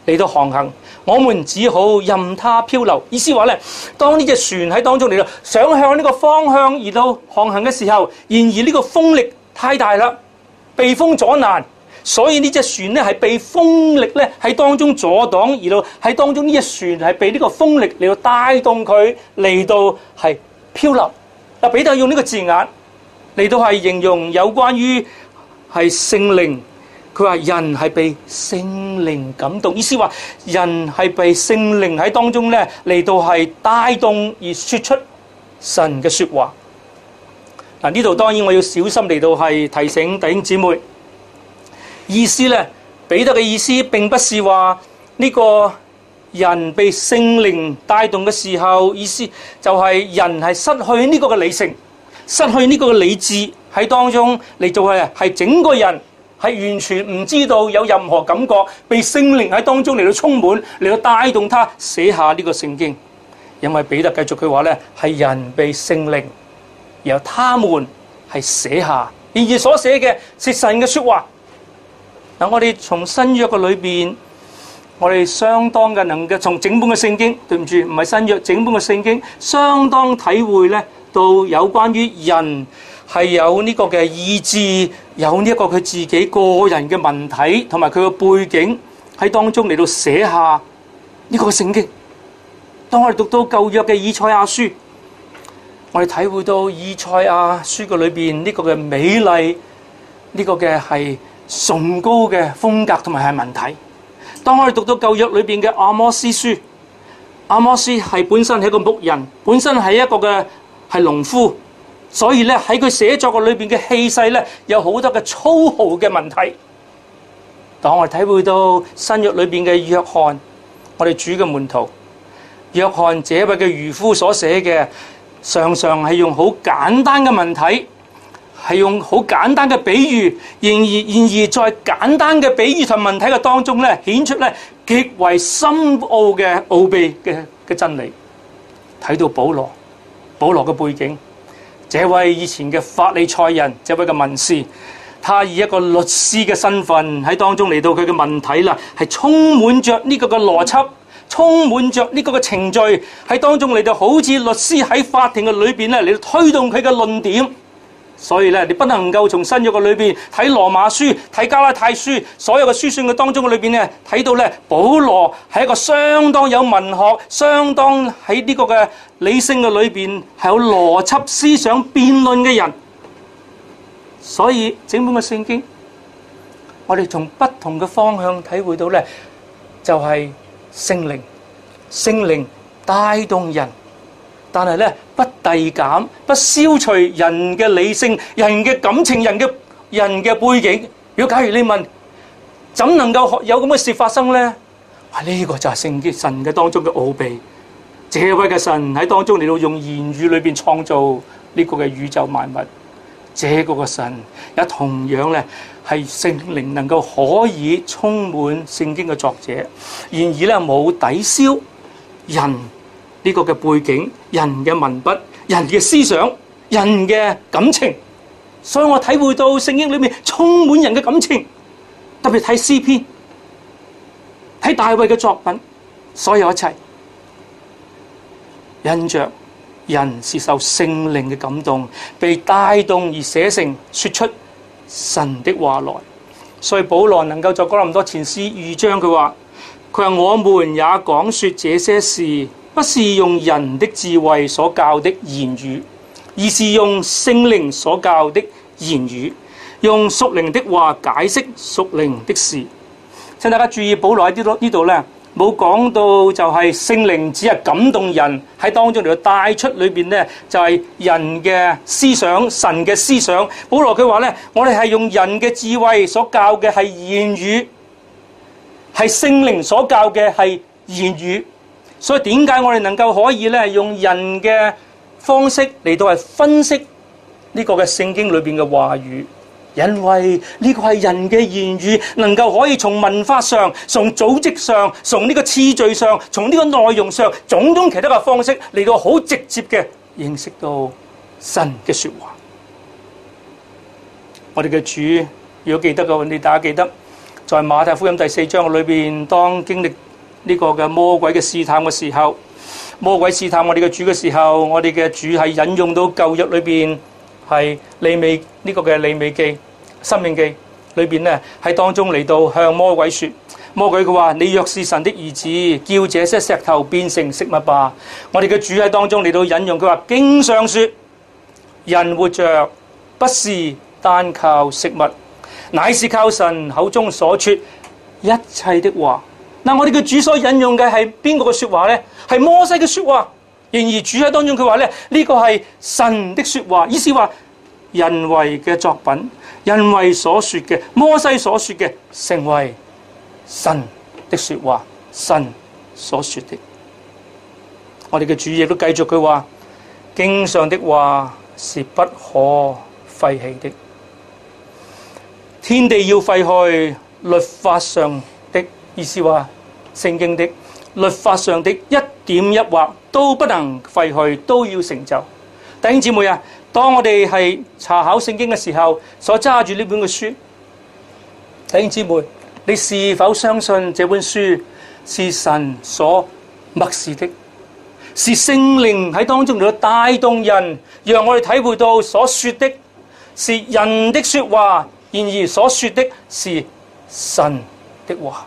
嚟到航行，我們只好任它漂流。意思話咧，當呢隻船喺當中嚟到想向呢個方向而到航行嘅時候，然而呢個風力太大啦，被風阻難，所以呢隻船咧係被風力咧喺當中阻擋，而到喺當中呢隻船係被呢個風力嚟到帶動佢嚟到係漂流。嗱，彼得用呢個字眼。你都係形容有關於係聖靈，佢話人係被聖靈感動，意思話人係被聖靈喺當中呢嚟到係帶動而說出神嘅說話。嗱呢度當然我要小心嚟到係提醒弟兄姊妹，意思呢，彼得嘅意思並不是話呢個人被聖靈帶動嘅時候，意思就係人係失去呢個嘅理性。失去呢個理智，喺當中嚟做嘅係整個人係完全唔知道有任何感覺，被聖靈喺當中嚟到充滿嚟到帶動他寫下呢個聖經。因為彼得繼續嘅話咧，係人被聖靈，由他們係寫下，而而所寫嘅是神嘅說話。嗱，我哋從新約嘅裏面，我哋相當嘅能夠從整本嘅聖經，對唔住，唔係新約，整本嘅聖經相當體會咧。到有關於人係有呢個嘅意志，有呢一個佢自己個人嘅文體，同埋佢嘅背景喺當中嚟到寫下呢個聖經。當我哋讀到舊約嘅以賽亞書，我哋體會到以賽亞書嘅裏邊呢個嘅美麗，呢個嘅係崇高嘅風格，同埋係文體。當我哋讀到舊約裏邊嘅阿摩斯書，阿摩斯係本身係一個牧人，本身係一個嘅。係農夫，所以呢，喺佢寫作嘅裏面嘅氣勢呢，有好多嘅粗豪嘅文體。當我哋體會到新約裏面嘅約翰，我哋主嘅門徒約翰，這位嘅漁夫所寫嘅，常常係用好簡單嘅文體，係用好簡單嘅比喻，然而然而在簡單嘅比喻同文體嘅當中呢，顯出呢極為深奧嘅奧秘嘅真理。睇到保羅。保羅嘅背景，這位以前嘅法利賽人，這位嘅文士，他以一個律師嘅身份喺當中嚟到佢嘅問題啦，係充滿着呢個嘅邏輯，充滿着呢個嘅程序喺當中嚟到，好似律師喺法庭嘅裏邊嚟到推動佢嘅論點。所以咧，你不能夠從新約嘅裏邊睇羅馬書、睇加拉太書，所有嘅書信嘅當中嘅裏邊咧，睇到咧，保羅係一個相當有文學、相當喺呢個嘅理性嘅裏邊係有邏輯思想辯論嘅人。所以整本嘅聖經，我哋從不同嘅方向體會到咧，就係聖靈，聖靈帶動人。但係呢，不遞減、不消除人嘅理性、人嘅感情、人嘅人嘅背景。如果假如你問，怎能夠有咁嘅事發生呢？呢、這個就係聖經神嘅當中嘅奧秘。這位嘅神喺當中嚟到用言語裏面創造呢個嘅宇宙萬物。這個嘅神也同樣咧，係聖靈能夠可以充滿聖經嘅作者，然而咧冇抵消人。呢個嘅背景，人嘅文筆，人嘅思想，人嘅感情，所以我體會到聖經裏面充滿人嘅感情，特別睇詩篇，睇大衛嘅作品，所有一切，因着人是受聖靈嘅感動，被帶動而寫成，說出神的話來，所以保羅能夠在哥林多前書二章佢話，佢話我們也講說這些事。不是用人的智慧所教的言語，而是用聖靈所教的言語，用屬靈的話解釋屬靈的事。請大家注意，保羅喺呢度呢度咧，冇講到就係聖靈只係感動人喺當中嚟帶出裏邊咧，就係人嘅思想、神嘅思想。保羅佢話咧，我哋係用人嘅智慧所教嘅係言語，係聖靈所教嘅係言語。所以點解我哋能夠可以用人嘅方式嚟到係分析呢個嘅聖經裏邊嘅話語？因為呢個係人嘅言語，能夠可以從文化上、從組織上、從呢個次序上、從呢個內容上，種種其他嘅方式嚟到好直接嘅認識到神嘅説話。我哋嘅主，如果記得嘅話，你大家記得，在馬太福音第四章裏面當經歷，呢個嘅魔鬼嘅試探嘅時候，魔鬼試探我哋嘅主嘅時候，我哋嘅主係引用到舊約裏邊係利未呢、這個嘅利未記、申命記裏邊呢，喺當中嚟到向魔鬼説，魔鬼佢話：你若是神的兒子，叫這些石頭變成食物吧。我哋嘅主喺當中嚟到引用他說，佢話經上説：人活着不是單靠食物，乃是靠神口中所説一切的話。嗱，我哋嘅主所引用嘅係邊個嘅説話咧？係摩西嘅說話。然而主喺當中佢話咧，呢、這個係神的說話，意思話人為嘅作品、人為所說嘅、摩西所說嘅成為神的說話，神所說的。我哋嘅主亦都繼續佢話，經上的話，是不可廢棄的。天地要廢去律法上。而是話聖經的律法上的，一點一劃都不能廢去，都要成就。弟兄姊妹啊，當我哋係查考聖經嘅時候，所揸住呢本嘅書，弟兄姊妹，你是否相信這本書是神所默示的，是聖靈喺當中嚟帶動人，讓我哋體會到所說的，是人的説話，然而所說的是神的話。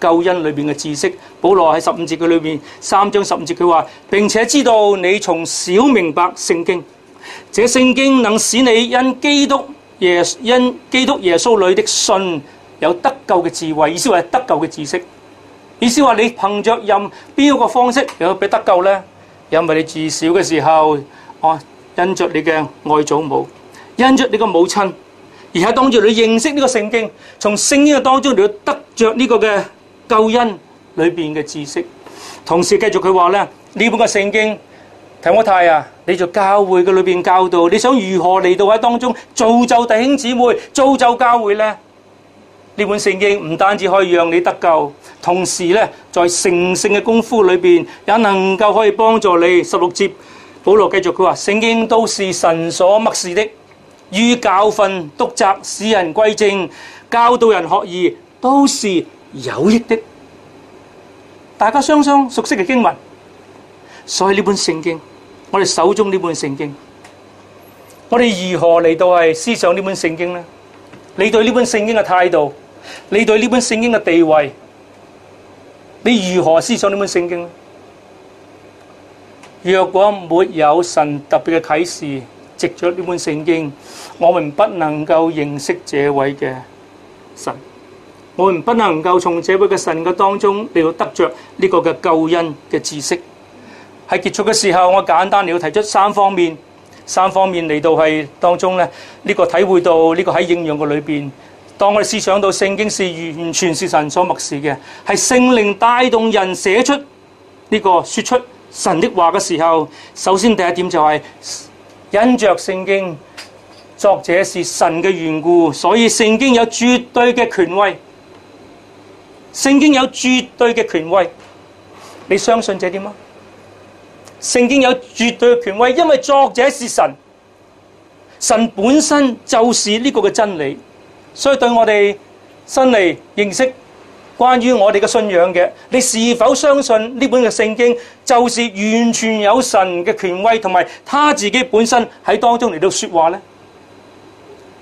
救恩裏邊嘅知識，保羅喺十五節佢裏邊三章十五節佢話，並且知道你從小明白聖經，這聖經能使你因基督耶因基督耶穌裏的信有得救嘅智慧。意思係得救嘅知識，意思話你憑着任邊一個方式，有俾得救呢，因為你自小嘅時候，哦，因着你嘅外祖母，因着你嘅母親，而且當住你認識呢個聖經，從聖經嘅當中，你得着呢個嘅。救恩裏邊嘅知識，同時繼續佢話咧，呢本嘅聖經提摩太啊，你做教會嘅裏邊教導，你想如何嚟到喺當中造就弟兄姊妹、造就教會咧？呢本聖經唔單止可以讓你得救，同時咧在成聖嘅功夫裏邊也能夠可以幫助你。十六節，保羅繼續佢話：聖經都是神所默示的，於教訓、督責、使人歸正、教導人學義，都是有益的，大家相當熟悉嘅經文，所以呢本聖經，我哋手中呢本聖經，我哋如何嚟到係思想呢本聖經呢？你對呢本聖經嘅態度，你對呢本聖經嘅地位，你如何思想呢本聖經呢？若果沒有神特別嘅啟示，藉着呢本聖經，我們不能夠認識這位嘅神。我唔不能夠從這位嘅神嘅當中嚟到得着呢個嘅救恩嘅知識。喺結束嘅時候，我簡單嚟到提出三方面，三方面嚟到係當中呢，呢、這個體會到呢、這個喺應用嘅裏邊。當我哋思想到聖經是完全是神所默示嘅，係聖靈帶動人寫出呢、這個說出神的話嘅時候，首先第一點就係因着聖經作者是神嘅緣故，所以聖經有絕對嘅權威。聖經有絕對嘅權威，你相信這點嗎？聖經有絕對嘅權威，因為作者是神，神本身就是呢個嘅真理，所以對我哋新嚟認識關於我哋嘅信仰嘅，你是否相信呢本嘅聖經就是完全有神嘅權威，同埋他自己本身喺當中嚟到說話呢？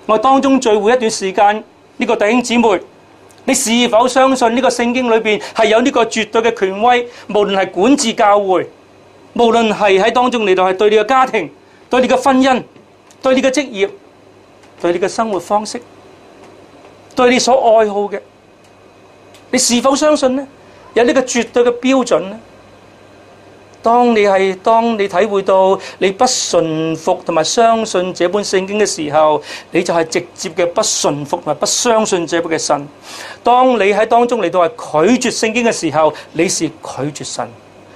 我當中聚會一段時間，呢、這個弟兄姊妹。你是否相信呢個聖經裏面係有呢個絕對嘅權威？無論係管治教會，無論係喺當中嚟到係對你嘅家庭、對你嘅婚姻、對你嘅職業、對你嘅生活方式、對你所愛好嘅，你是否相信呢？有呢個絕對嘅標準呢？當你係當你體會到你不信服同埋相信這本聖經嘅時候，你就係直接嘅不信服同埋不相信這本嘅神。當你喺當中嚟到係拒絕聖經嘅時候，你是拒絕神。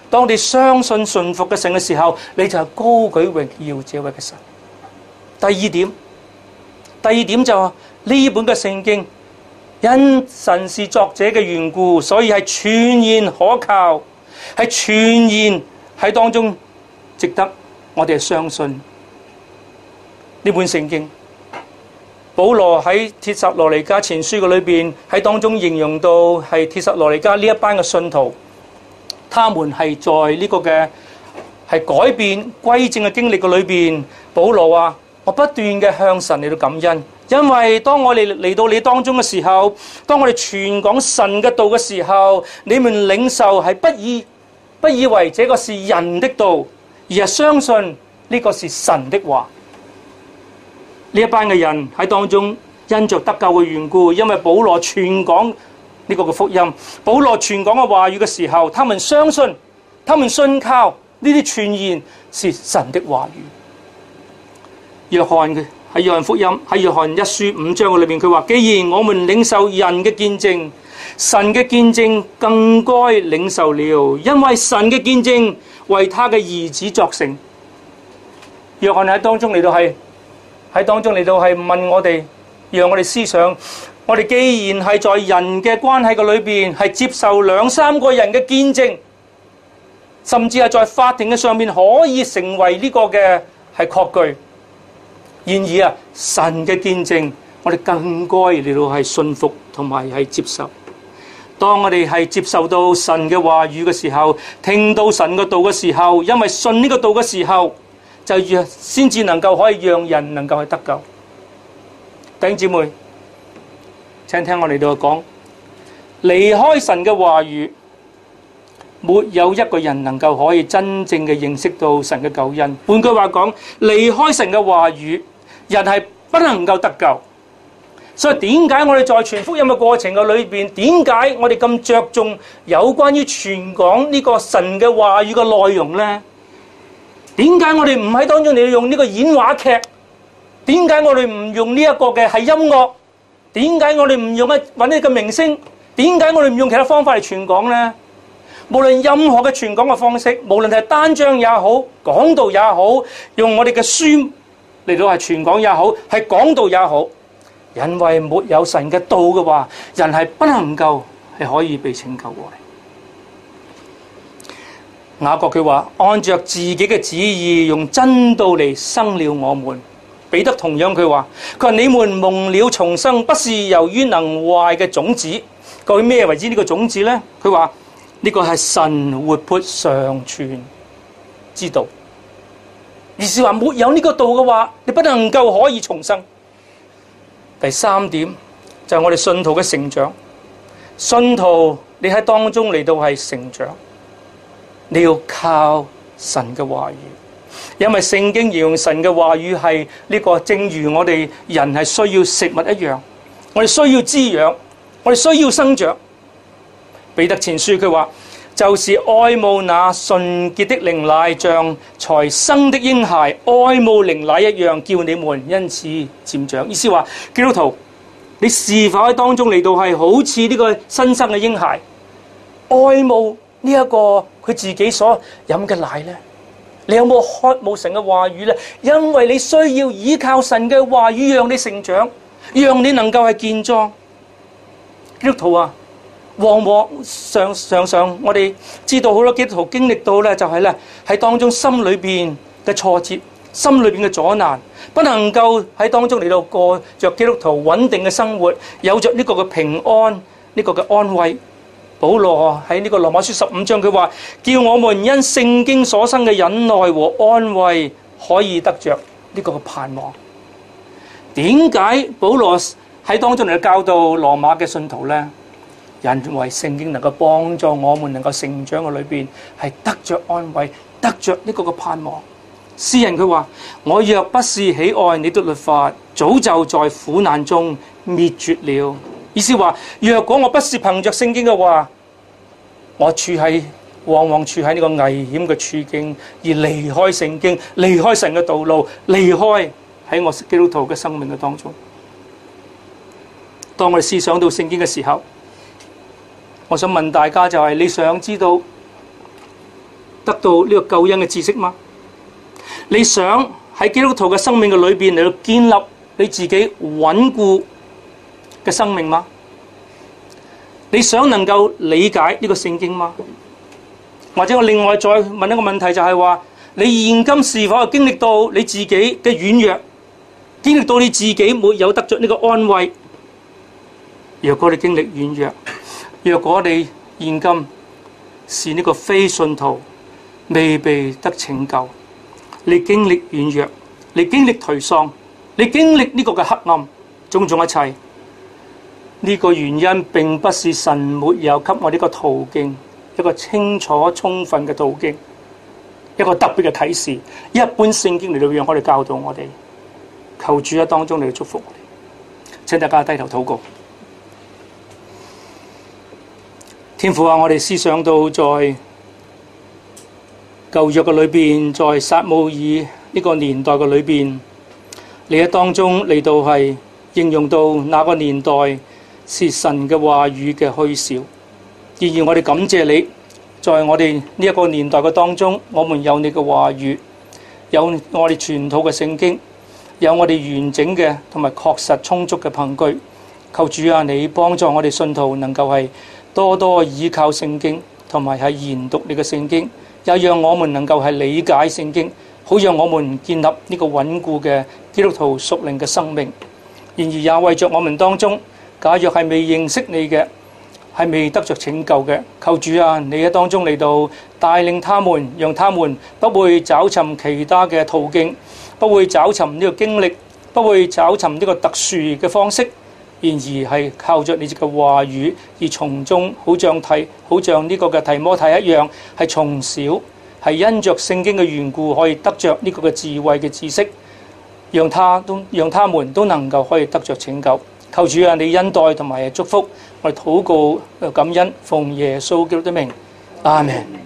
當你相信信服嘅神嘅時候，你就係高舉榮耀這位嘅神。第二點，第二點就係呢本嘅聖經，因神是作者嘅緣故，所以係全然可靠，係全然。喺當中，值得我哋相信呢本聖經。保羅喺《帖撒羅尼迦前書》嘅裏面，喺當中形容到係帖撒羅尼迦呢一班嘅信徒，他們係在呢個嘅係改變歸正嘅經歷嘅裏面。保羅話，我不斷嘅向神嚟到感恩，因為當我哋嚟到你當中嘅時候，當我哋傳講神嘅道嘅時候，你們領受係不以。」不以為這個是人的道，而係相信呢個是神的話。呢一班嘅人喺當中因着得救嘅緣故，因為保羅傳講呢個嘅福音，保羅傳講嘅話語嘅時候，他們相信，他們信靠呢啲傳言是神的話語。約翰嘅喺約翰福音喺約翰一書五章嘅裏面，佢話：既然我們領受人嘅見證。神嘅見證更該領受了，因為神嘅見證為他嘅兒子作成。約翰喺當中嚟到係喺當中嚟到係問我哋，讓我哋思想，我哋既然係在人嘅關係嘅裏邊係接受兩三個人嘅見證，甚至係在法庭嘅上面可以成為呢個嘅係確據，然而啊，神嘅見證我哋更該嚟到係信服同埋係接受。當我哋係接受到神嘅話語嘅時候，聽到神嘅道嘅時候，因為信呢個道嘅時候，就讓先至能夠可以讓人能夠去得救。弟兄姊妹，請聽我嚟到講，離開神嘅話語，沒有一個人能夠可以真正嘅認識到神嘅救恩。換句話講，離開神嘅話語，人係不能夠得救。所以點解我哋在傳福音嘅過程嘅裏邊，點解我哋咁着重有關於傳講呢個神嘅話語嘅內容咧？點解我哋唔喺當中，你用呢個演話劇？點解我哋唔用呢一個嘅係音樂？點解我哋唔用嘅搵呢個明星？點解我哋唔用其他方法嚟傳講呢？無論任何嘅傳講嘅方式，無論係單張也好，講道也好，用我哋嘅書嚟到係傳講也好，係講道也好。因為沒有神嘅道嘅話，人係不能夠係可以被拯救嘅。雅各佢話，按照自己嘅旨意，用真道嚟生了我們。彼得同樣佢話，佢話，你們蒙了重生，不是由於能壞嘅種子。究竟咩為之呢個種子呢？佢話呢個係神活潑常存之道，而是話沒有呢個道嘅話，你不能夠可以重生。第三點就係、是，我哋信徒嘅成長，信徒你喺當中嚟到係成長，你要靠神嘅話語，因為聖經形容神嘅話語係呢個，正如我哋人係需要食物一樣，我哋需要滋養，我哋需要生長。彼得前書佢話。就是愛慕那純潔的靈奶，像才生的嬰孩。愛慕靈奶一樣，叫你們因此漸長。意思話：基督徒你是否喺當中嚟到係好似呢個新生嘅嬰孩愛慕呢、這、一個佢自己所飲嘅奶呢？你有冇渴慕神嘅話語呢？因為你需要依靠神嘅話語讓你成長，讓你能夠係健壯。基督徒啊！往往上上上，我哋知道好多基督徒經歷到咧，就係咧喺當中心裏邊嘅挫折，心裏邊嘅阻難，不能夠喺當中嚟到過著基督徒穩定嘅生活，有着呢個嘅平安，呢個嘅安慰。保羅喺呢個羅馬書十五章，佢話叫我們因聖經所生嘅忍耐和安慰，可以得著呢個嘅盼望。點解保羅喺當中嚟到教導羅馬嘅信徒咧？人為聖經能夠幫助我們能夠成長嘅裏邊，係得着安慰，得着呢個盼望。詩人佢話：我若不是喜愛你的律法，早就在苦難中滅絕了。意思話，若果我不是憑着聖經嘅話，我處喺往往處喺呢個危險嘅處境，而離開聖經，離開神嘅道路，離開喺我基督徒嘅生命嘅當中。當我哋思想到聖經嘅時候，我想問大家就係你想知道得到呢個救恩嘅知識嗎？你想喺基督徒嘅生命嘅裏面嚟到建立你自己穩固嘅生命嗎？你想能夠理解呢個聖經嗎？或者我另外再問一個問題就係話你現今是否係經歷到你自己嘅軟弱，經歷到你自己沒有得着呢個安慰？如果你經歷軟弱。若果你現今是呢個非信徒，未被得拯救，你經歷軟弱，你經歷頹喪，你經歷呢個嘅黑暗，種種一切，呢、這個原因並不是神沒有給我呢個途徑，一個清楚充分嘅途徑，一個特別嘅啟示，一般聖經嚟到讓我哋教導我哋。求主啊，當中你要祝福我哋，請大家低頭禱告。天父啊，我哋思想到在舊約嘅裏邊，在撒母耳呢個年代嘅裏邊，你喺當中嚟到係應用到那個年代是神嘅話語嘅稀少，然而我哋感謝你，在我哋呢一個年代嘅當中，我們有你嘅話語，有我哋傳統嘅聖經，有我哋完整嘅同埋確實充足嘅憑據。求主啊，你幫助我哋信徒能夠係。多多倚靠聖經，同埋係研讀你嘅聖經，也讓我們能夠係理解聖經，好讓我們建立呢個穩固嘅基督徒屬靈嘅生命。然而，也為著我們當中，假若係未認識你嘅，係未得著拯救嘅，求主啊，你喺當中嚟到帶領他們，讓他們不會找尋其他嘅途徑，不會找尋呢個經歷，不會找尋呢個特殊嘅方式。然而係靠著你哋嘅話語，而從中好像提，好像呢個嘅提摩太一樣，係從小係因著聖經嘅緣故，可以得著呢個嘅智慧嘅知識，讓他都讓他們都能夠可以得著拯救。求主啊，你恩待同埋祝福，我哋禱告又感恩，奉耶穌基督的名，阿門。